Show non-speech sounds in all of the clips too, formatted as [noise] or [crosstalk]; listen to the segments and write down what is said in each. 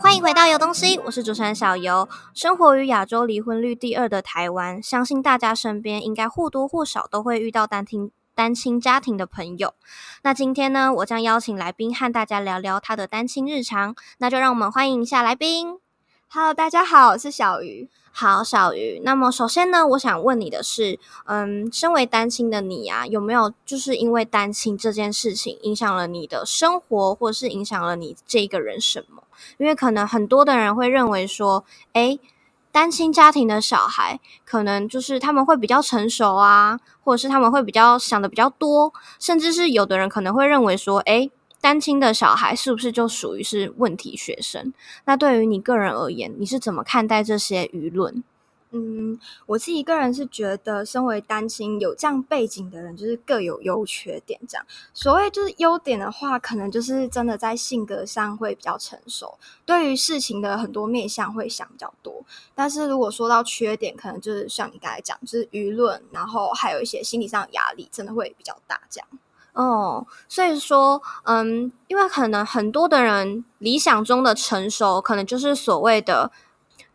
歡迎回到有東西，我是主持人小游，生活於亞洲離婚率第二的台灣，相信大家身邊應該或多或少都會遇到單親單親家庭的朋友。那今天呢，我將邀請來賓和大家聊聊他的單親日常，那就讓我們歡迎一下來賓。Hello，大家好，我是小於。好，小於。那麼，首先呢，我想問你的是，嗯，身為單親的你啊，有沒有就是因為單親這件事情影響了你的生活，或者是影響了你這個人什麼？因為可能很多的人會認為說，誒，單親家庭的小孩可能就是他們會比較成熟啊，或者是他們會比較想的比較多，甚至是有的人可能會認為說，誒。單親的小孩是不是就屬於是問題學生？那對於你個人而言，你是怎麼看待這些輿論？嗯，我自己個人是覺得，身為單親有這樣背景的人，就是各有優缺點。這樣，所謂就是優點的話，可能就是真的在性格上會比較成熟，對於事情的很多面向會想比較多。但是如果說到缺點，可能就是像你剛才講，就是輿論，然後還有一些心理上的壓力，真的會比較大。這樣。哦，所以說，嗯，因為可能很多的人理想中的成熟，可能就是所謂的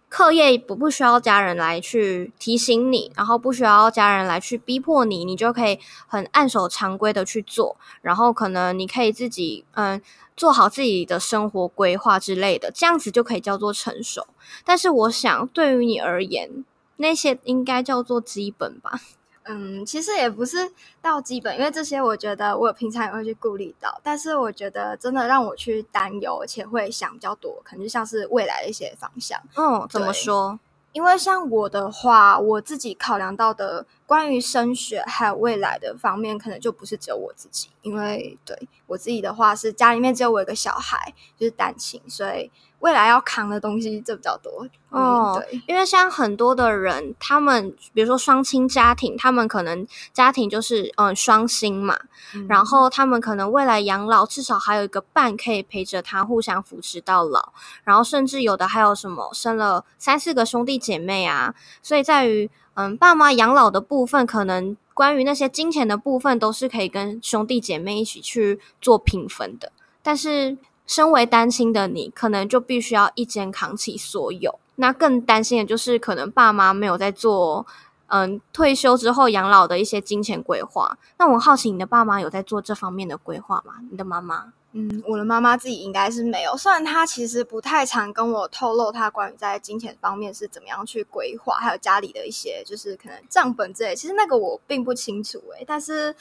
課業不不需要家人來去提醒你，然後不需要家人來去逼迫你，你就可以很按守常規的去做，然後可能你可以自己嗯做好自己的生活規劃之類的，這樣子就可以叫做成熟。但是我想，對於你而言，那些應該叫做基本吧。嗯，其實也不是到基本，因為這些我覺得我平常也會去顧慮到，但是我覺得真的讓我去擔憂，而且會想比較多，可能就像是未來的一些方向。嗯，怎麼說？因為像我的話，我自己考量到的。關於升學還有未來的方面，可能就不是只有我自己，因為對我自己的話是家裡面只有我一個小孩，就是單親，所以未來要扛的東西就比較多。哦，嗯，對，因為像很多的人，他們比如說雙親家庭，他們可能家庭就是嗯雙薪嘛，嗯，然後他們可能未來養老至少還有一個伴可以陪着他，互相扶持到老，然後甚至有的還有什麼生了三四個兄弟姐妹啊，所以在於。嗯，爸媽養老的部分，可能關於那些金錢的部分，都是可以跟兄弟姐妹一起去做平分的。但是，身為單親的你，可能就必須要一肩扛起所有。那更擔心的就是，可能爸媽沒有在做，嗯，退休之後養老的一些金錢規劃。那我好奇，你的爸媽有在做這方面的規劃嗎？你的媽媽？嗯，我的媽媽自己應該是沒有，雖然她其實不太常跟我透露她關於在金錢方面是怎麼樣去規劃，還有家裡的一些就是可能賬本之類，其實那個我並不清楚欸。但是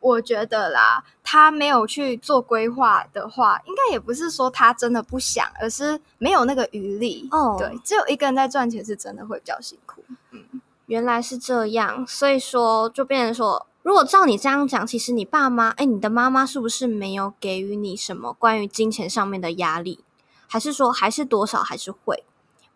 我覺得啦，她沒有去做規劃的話，應該也不是說她真的不想，而是沒有那個餘力哦。對，只有一個人在賺錢，是真的會比較辛苦。嗯，原來是這樣，所以說就變成說。如果照你這樣講，其實你爸媽，誒、欸、你的媽媽是不是沒有給予你什麼關於金錢上面的壓力？還是說，還是多少，還是會？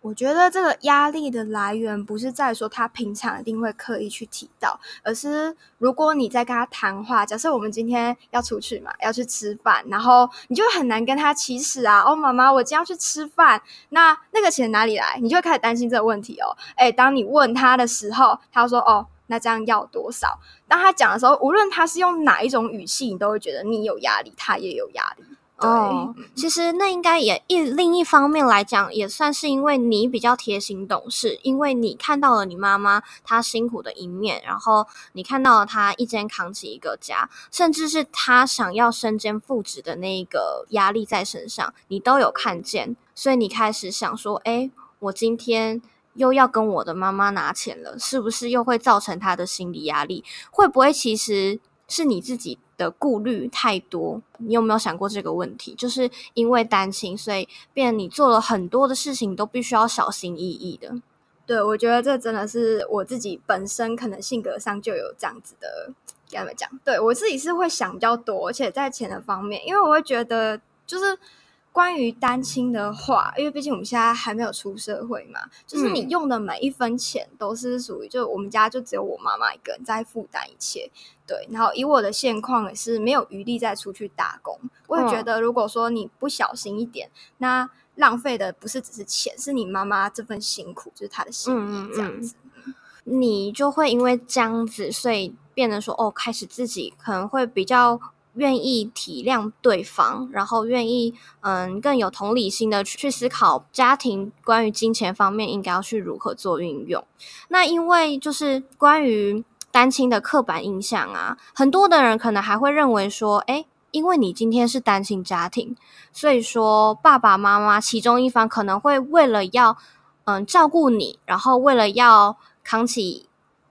我覺得這個壓力的來源不是在說他平常一定會刻意去提到，而是如果你在跟他談話，假設我們今天要出去嘛，要去吃飯，然後你就很難跟他起始啊，哦，媽媽，我今天要去吃飯，那那個錢哪裡來？你就會開始擔心這個問題哦。誒、欸，當你問他的時候，他說，哦。那這樣要多少？當他講的時候，無論他是用哪一種語氣，你都會覺得你有壓力，他也有壓力。對、哦，其實那應該也一另一方面來講，也算是因為你比較貼心懂事，因為你看到了你媽媽她辛苦的一面，然後你看到了她一肩扛起一個家，甚至是她想要身兼父職的那個壓力在身上，你都有看見，所以你開始想說：誒、欸，我今天。又要跟我的媽媽拿錢了，是不是又會造成她的心理壓力？會不會其實是你自己的顧慮太多？你有沒有想過這個問題？就是因為擔心，所以變你做了很多的事情都必須要小心翼翼的。對，我覺得這真的是我自己本身可能性格上就有這樣子的。跟他們講，對我自己是會想比較多，而且在錢的方面，因為我會覺得就是。關於單親的話，因為畢竟我們現在還沒有出社會嘛，就是你用的每一分錢都是屬於、嗯，就我們家就只有我媽媽一個人在負擔一切，對。然後以我的現況也是沒有餘力再出去打工。我也覺得，如果說你不小心一點、嗯，那浪費的不是只是錢，是你媽媽這份辛苦，就是她的心意這樣子。嗯嗯、你就會因為這樣子，所以變得說哦，開始自己可能會比較。願意體諒對方，然後願意，嗯，更有同理心的去思考家庭關於金錢方面應該要去如何做運用。那因為就是關於單親的刻板印象啊，很多的人可能還會認為說，哎，因為你今天是單親家庭，所以說爸爸媽媽其中一方可能會為了要，嗯，照顧你，然後為了要扛起。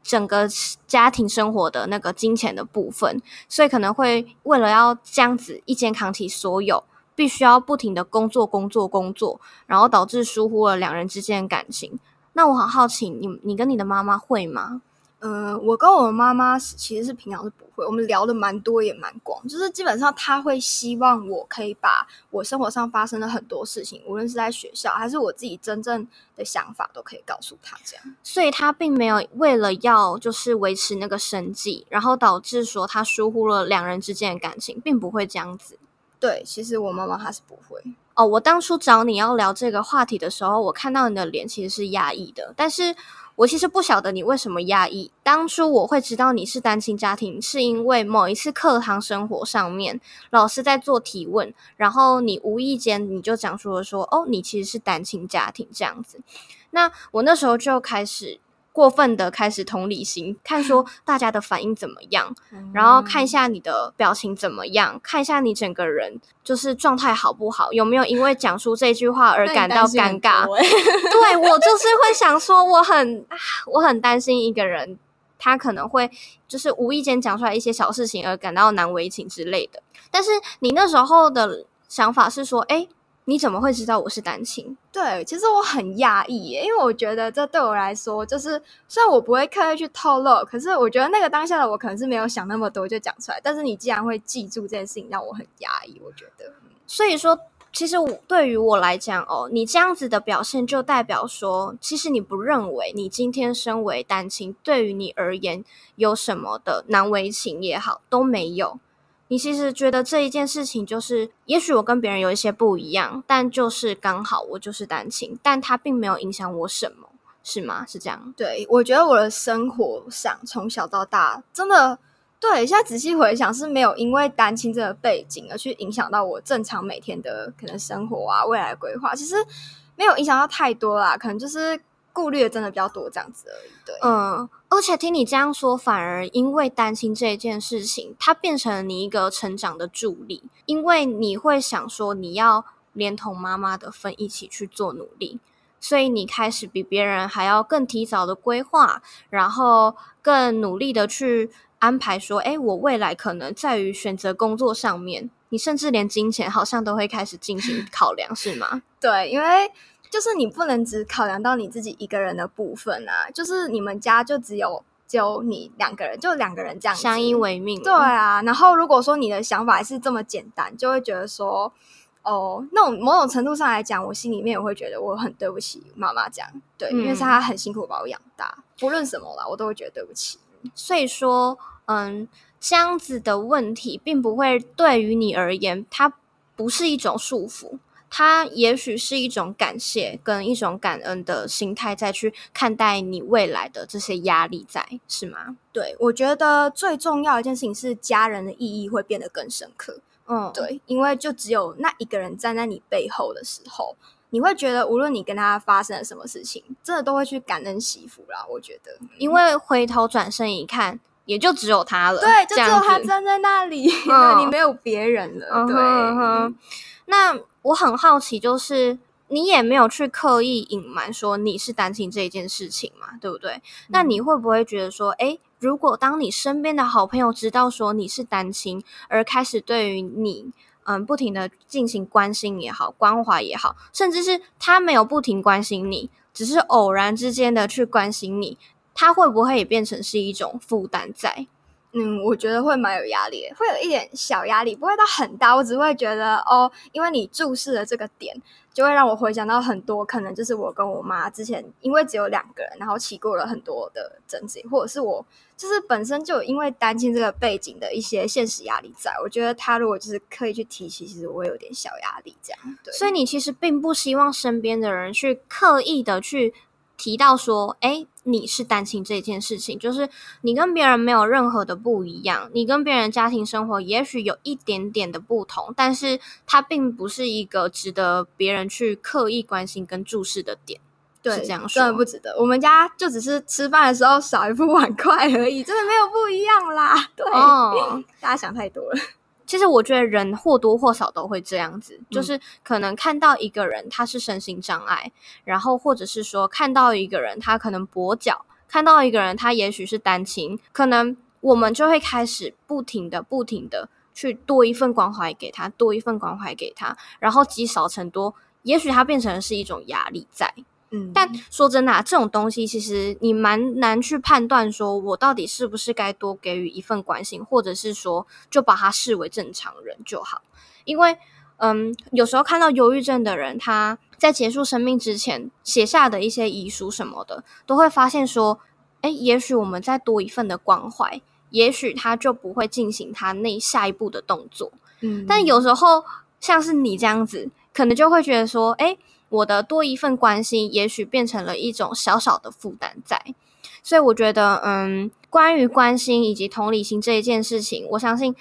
整個家庭生活的那個金錢的部分，所以可能會為了要這樣子一肩扛起所有，必須要不停的工作、工作、工作，然後導致疏忽了兩人之間的感情。那我很好奇你，你你跟你的媽媽會嗎？嗯、呃，我跟我的媽媽其實是平常是不。我們聊的蠻多也蠻廣，就是基本上他會希望我可以把我生活上發生的很多事情，無論是在學校還是我自己真正的想法，都可以告訴他這樣。所以他並沒有為了要就是維持那個生計，然後導致說他疏忽了兩人之間的感情，並不會這樣子。對，其實我媽媽她是不會。哦，我當初找你要聊這個話題的時候，我看到你的臉其實是壓抑的，但是。我其實不曉得你為什麼壓抑。當初我會知道你是單親家庭，是因為某一次課堂生活上面，老師在做提問，然後你無意間你就講出了說：“哦，你其實是單親家庭，這樣子。那”那我那時候就開始。過分的開始同理心，看說大家的反應怎麼樣，嗯，然後看一下你的表情怎麼樣，看一下你整個人就是狀態好不好，有沒有因為講出這句話而感到尷尬？ [laughs] 對，我就是會想說，我很我很擔心一個人，他可能會就是無意間講出來一些小事情而感到難為情之類的。但是你那時候的想法是說，誒……你怎麼會知道我是單親？對，其實我很訝異耶，因為我覺得這對我來說，就是雖然我不會刻意去透露，可是我覺得那個當下的我可能是沒有想那麼多就講出來。但是你既然會記住這件事情，讓我很訝異。我覺得、嗯，所以說，其實我對於我來講哦，你這樣子的表現就代表說，其實你不認為你今天身為單親，對於你而言有什麼的難為情也好，都沒有。你其實覺得這一件事情就是，也許我跟別人有一些不一樣，但就是剛好我就是單親，但它並沒有影響我什麼，是嗎？是這樣。對，我覺得我的生活上從小到大，真的，對，現在仔細回想是沒有因為單親這個背景而去影響到我正常每天的可能生活啊，未來規劃，其實沒有影響到太多啦，可能就是顧慮的真的比較多這樣子而已。對，嗯。而且聽你這樣說，反而因為擔心這件事情，它變成了你一個成長的助力。因為你會想說，你要連同媽媽的份一起去做努力，所以你開始比別人還要更提早的規劃，然後更努力的去安排。說，誒，我未來可能在於選擇工作上面，你甚至連金錢好像都會開始進行考量， [laughs] 是嗎？對，因為。就是你不能只考量到你自己一個人的部分啊！就是你們家就只有只有你兩個人，就兩個人這樣子相依為命啊。對啊，然後如果說你的想法是這麼簡單，就會覺得說哦，那種某種程度上來講，我心裡面也會覺得我很對不起媽媽，這樣對，嗯。因為是她很辛苦把我養大，不論什麼啦，我都會覺得對不起。所以說，嗯，這樣子的問題並不會對於你而言，它不是一種束縛。它也許是一種感謝跟一種感恩的心態，在去看待你未來的這些壓力在，在是嗎？對，我覺得最重要的一件事情是家人的意義會變得更深刻。嗯，對，因為就只有那一個人站在你背後的時候，你會覺得無論你跟他發生了什麼事情，這都會去感恩惜福啦，我覺得，嗯、因為回頭轉身一看，也就只有他了，對，就只有他，他站在那裡，你、哦、沒有別人了，對，哦、呵呵那。我很好奇，就是你也沒有去刻意隱瞞說你是單親這件事情嘛，對不對？嗯、那你會不會覺得說，誒、欸，如果當你身邊的好朋友知道說你是單親，而開始對於你，嗯，不停的進行關心也好、關懷也好，甚至是他沒有不停關心你，只是偶然之間的去關心你，他會不會也變成是一種負擔在？嗯，我覺得會蠻有壓力，會有一點小壓力，不會到很大。我只會覺得哦，因為你注視了這個點，就會讓我回想到很多，可能就是我跟我媽之前因為只有兩個人，然後起過了很多的爭執，或者是我就是本身就因為單親這個背景的一些現實壓力，在。我覺得他如果就是刻意去提起，其實我有點小壓力，這樣。對，所以你其實並不希望身邊的人去刻意的去。提到說，哎，你是單親這件事情，就是你跟別人沒有任何的不一樣，你跟別人家庭生活也許有一點點的不同，但是它並不是一個值得別人去刻意關心跟注視的點。對，是這樣，說真的不值得。我們家就只是吃飯的時候少一副碗筷而已，真的沒有不一樣啦。 [laughs] 對， [laughs] 大家想太多了。其實我覺得人或多或少都會這樣子，就是可能看到一個人他是身心障礙，然後或者是說看到一個人他可能跛腳，看到一個人他也許是單親，可能我們就會開始不停的、不停的去多一份關懷給他，多一份關懷給他，然後積少成多，也許他變成是一種壓力在。嗯，但說真的啊，這種東西其實你蠻難去判斷，說我到底是不是該多給予一份關心，或者是說就把他視為正常人就好。因為，嗯，有時候看到憂鬱症的人，他在結束生命之前寫下的一些遺書什麼的，都會發現說，欸，也許我們再多一份的關懷，也許他就不會進行他那下一步的動作。嗯，但有時候像是你這樣子，可能就會覺得說，欸。我的多一份關心，也許變成了一種小小的負擔在。所以，我覺得，嗯，關於關心以及同理心這一件事情，我相信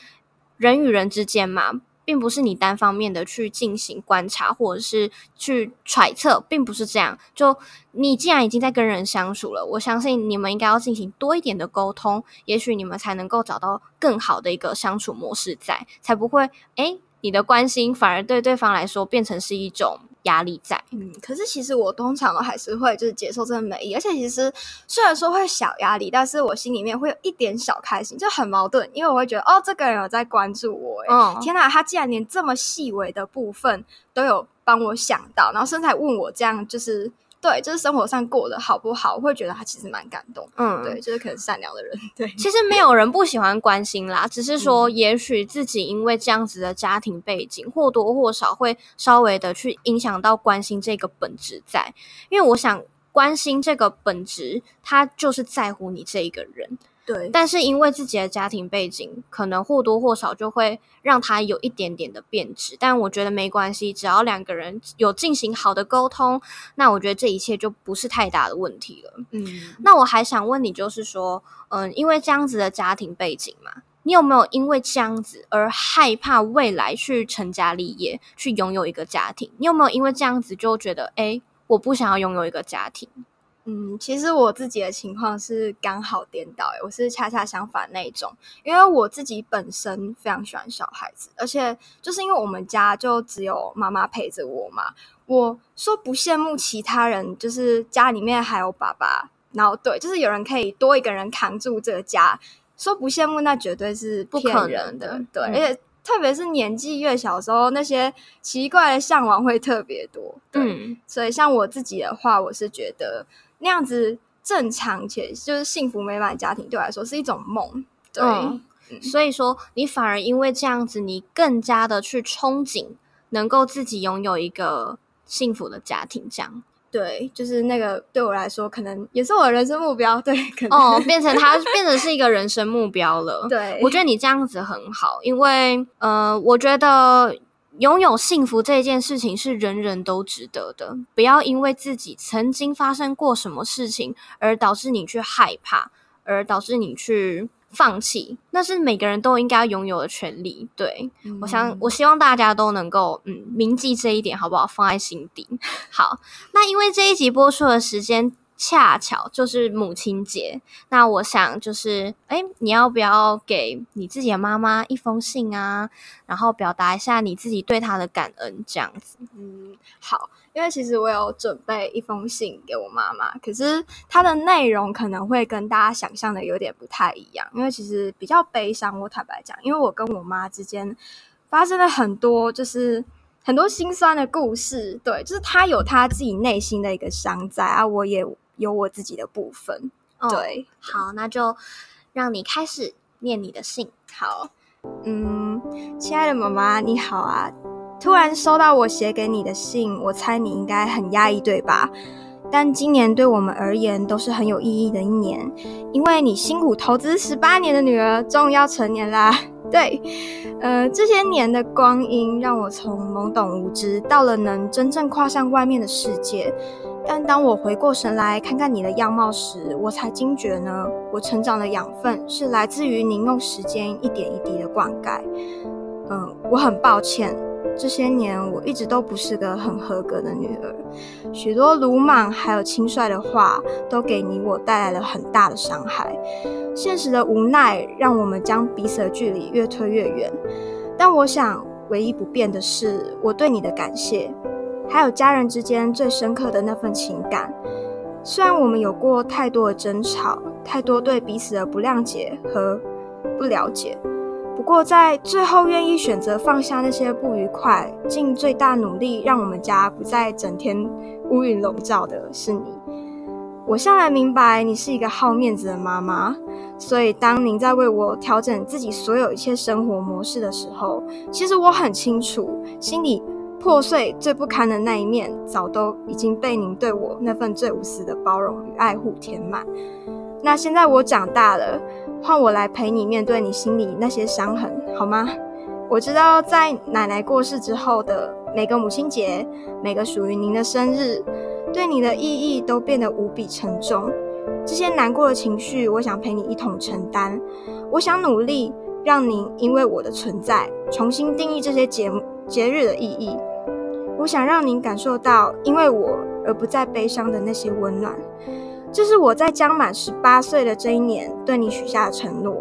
人與人之間嘛，並不是你單方面的去進行觀察或者是去揣測，並不是這樣。就你既然已經在跟人相處了，我相信你們應該要進行多一點的溝通，也許你們才能夠找到更好的一個相處模式在，在才不會，哎，你的關心反而對對方來說變成是一種。壓力在，嗯，可是其實我通常都還是會就是接受這種美意，而且其實雖然說會小壓力，但是我心裡面會有一點小開心，就很矛盾，因為我會覺得哦，這個人有在關注我，欸，哦，天哪，啊，他竟然連這麼細微的部分都有幫我想到，然後甚至還問我這樣，就是。對，就是生活上過得好不好，我會覺得他其實蠻感動。嗯，對，就是可能善良的人。對，其實沒有人不喜歡關心啦，只是說，也許自己因為這樣子的家庭背景，嗯，或多或少會稍微的去影響到關心這個本質在。因為我想，關心這個本質，它就是在乎你這一個人。對，但是因為自己的家庭背景，可能或多或少就會讓他有一點點的變質。但我覺得沒關係，只要兩個人有進行好的溝通，那我覺得這一切就不是太大的問題了。嗯，那我還想問你，就是說，嗯、呃，因為這樣子的家庭背景嘛，你有沒有因為這樣子而害怕未來去成家立業，去擁有一個家庭？你有沒有因為這樣子就覺得，誒、欸，我不想要擁有一個家庭？嗯，其實我自己的情況是剛好顛倒，哎，我是恰恰相反那一種，因為我自己本身非常喜歡小孩子，而且就是因為我們家就只有媽媽陪着我嘛，我說不羨慕其他人，就是家裡面還有爸爸，然後對，就是有人可以多一個人扛住這個家，說不羨慕那絕對是不可能的，對，而且特別是年紀越小的時候，那些奇怪的嚮往會特別多，對，嗯，所以像我自己的話，我是覺得。那樣子正常且就是幸福美滿的家庭，對我來說是一種夢。對、嗯，所以說你反而因為這樣子，你更加的去憧憬能夠自己擁有一個幸福的家庭。這樣，對，就是那個對我來說，可能也是我的人生目標。對，可能、嗯、變成他 [laughs] 變成是一個人生目標了。對，我覺得你這樣子很好，因為呃，我覺得。擁有幸福這一件事情是人人都值得的，不要因為自己曾經發生過什麼事情而導致你去害怕，而導致你去放棄，那是每個人都應該擁有的權利。對、嗯、我想，我希望大家都能夠嗯銘記這一點，好不好？放在心底。好，那因為這一集播出的時間。恰巧就是母親節，那我想就是，哎、欸，你要不要給你自己的媽媽一封信啊？然後表達一下你自己對她的感恩，這樣子。嗯，好，因為其實我有準備一封信給我媽媽，可是它的內容可能會跟大家想象的有點不太一樣，因為其實比較悲傷。我坦白講，因為我跟我媽之間發生了很多，就是很多心酸的故事。對，就是她有她自己內心的一個傷在啊，我也。有我自己的部分，oh, 對，好對，那就讓你開始念你的信。好，嗯，親愛的媽媽，你好啊！突然收到我寫給你的信，我猜你應該很壓抑，對吧？但今年對我們而言都是很有意義的一年，因為你辛苦投資十八年的女兒終於要成年啦。對，呃，這些年的光陰讓我從懵懂無知，到了能真正跨向外面的世界。但當我回過神來看看你的樣貌時，我才驚覺呢，我成長的養分是來自於您用時間一點一滴的灌溉。嗯，我很抱歉，這些年我一直都不是個很合格的女兒，許多魯莽還有輕率的話，都給你我帶來了很大的傷害。現實的無奈讓我們將彼此的距離越推越遠，但我想唯一不變的是我對你的感謝。還有家人之間最深刻的那份情感，雖然我們有過太多的爭吵，太多對彼此的不諒解和不了解，不過在最後願意選擇放下那些不愉快，盡最大努力讓我們家不再整天烏雲籠罩的是你。我向來明白你是一個好面子的媽媽，所以當您在為我調整自己所有一切生活模式的時候，其實我很清楚心裡。破碎最不堪的那一面，早都已經被您對我那份最無私的包容與愛護填滿。那現在我長大了，換我來陪你面對你心裡那些傷痕，好嗎？我知道，在奶奶過世之後的每個母親節，每個屬於您的生日，對你的意義都變得無比沉重。這些難過的情緒，我想陪你一同承擔。我想努力讓您因為我的存在，重新定義這些節節日的意義。我想讓您感受到，因為我而不再悲傷的那些溫暖，這是我在將滿十八歲的這一年對你許下的承諾。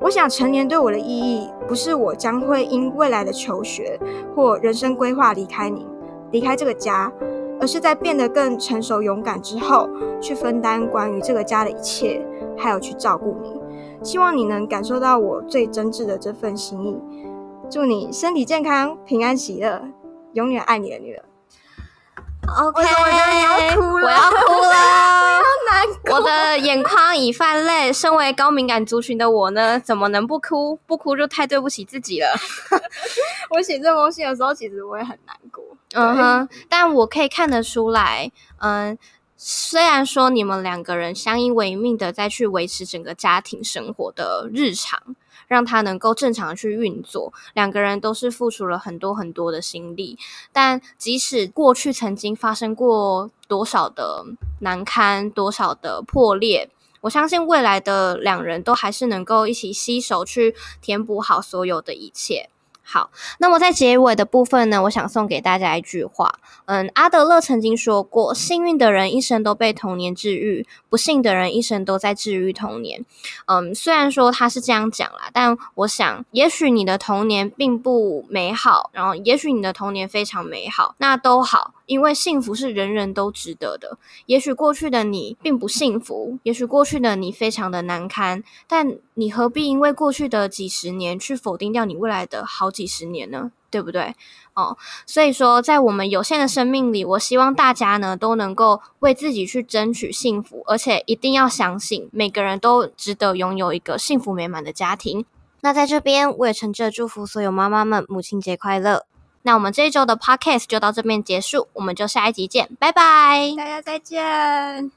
我想，成年對我的意義，不是我將會因未來的求學或人生規劃離開您，離開這個家，而是在變得更成熟勇敢之後，去分擔關於這個家的一切，還有去照顧你。希望你能感受到我最真摯的這份心意。祝你身體健康，平安喜樂。永遠愛你的女人。OK，我要哭了，我要哭了 [laughs] 我要，我的眼眶已泛淚。身為高敏感族群的我呢，怎麼能不哭？不哭就太對不起自己了。 [laughs] [laughs] 我寫這封信的時候，其實我也很難過。嗯，哼、uh-huh，但我可以看得出來，嗯，雖然說你們兩個人相依為命的，在去維持整個家庭生活的日常。讓他能夠正常去運作，兩個人都是付出了很多很多的心力。但即使過去曾經發生過多少的難堪，多少的破裂，我相信未來的兩人都還是能夠一起攜手去填補好所有的一切。好，那麼在結尾的部分呢，我想送給大家一句話。嗯，阿德勒曾經說過，幸運的人一生都被童年治癒，不幸的人一生都在治癒童年。嗯，雖然說他是這樣講啦，但我想，也許你的童年並不美好，然後也許你的童年非常美好，那都好。因為幸福是人人都值得的。也許過去的你並不幸福，也許過去的你非常的難堪，但你何必因為過去的幾十年去否定掉你未來的好幾十年呢？對不對？哦，所以說，在我們有限的生命裡，我希望大家呢都能夠為自己去爭取幸福，而且一定要相信每個人都值得擁有一個幸福美滿的家庭。那在這邊，我也誠摯祝福所有媽媽們，母親節快樂。那我們這一週的 podcast 就到這邊結束，我們就下一集見，拜拜，大家再見。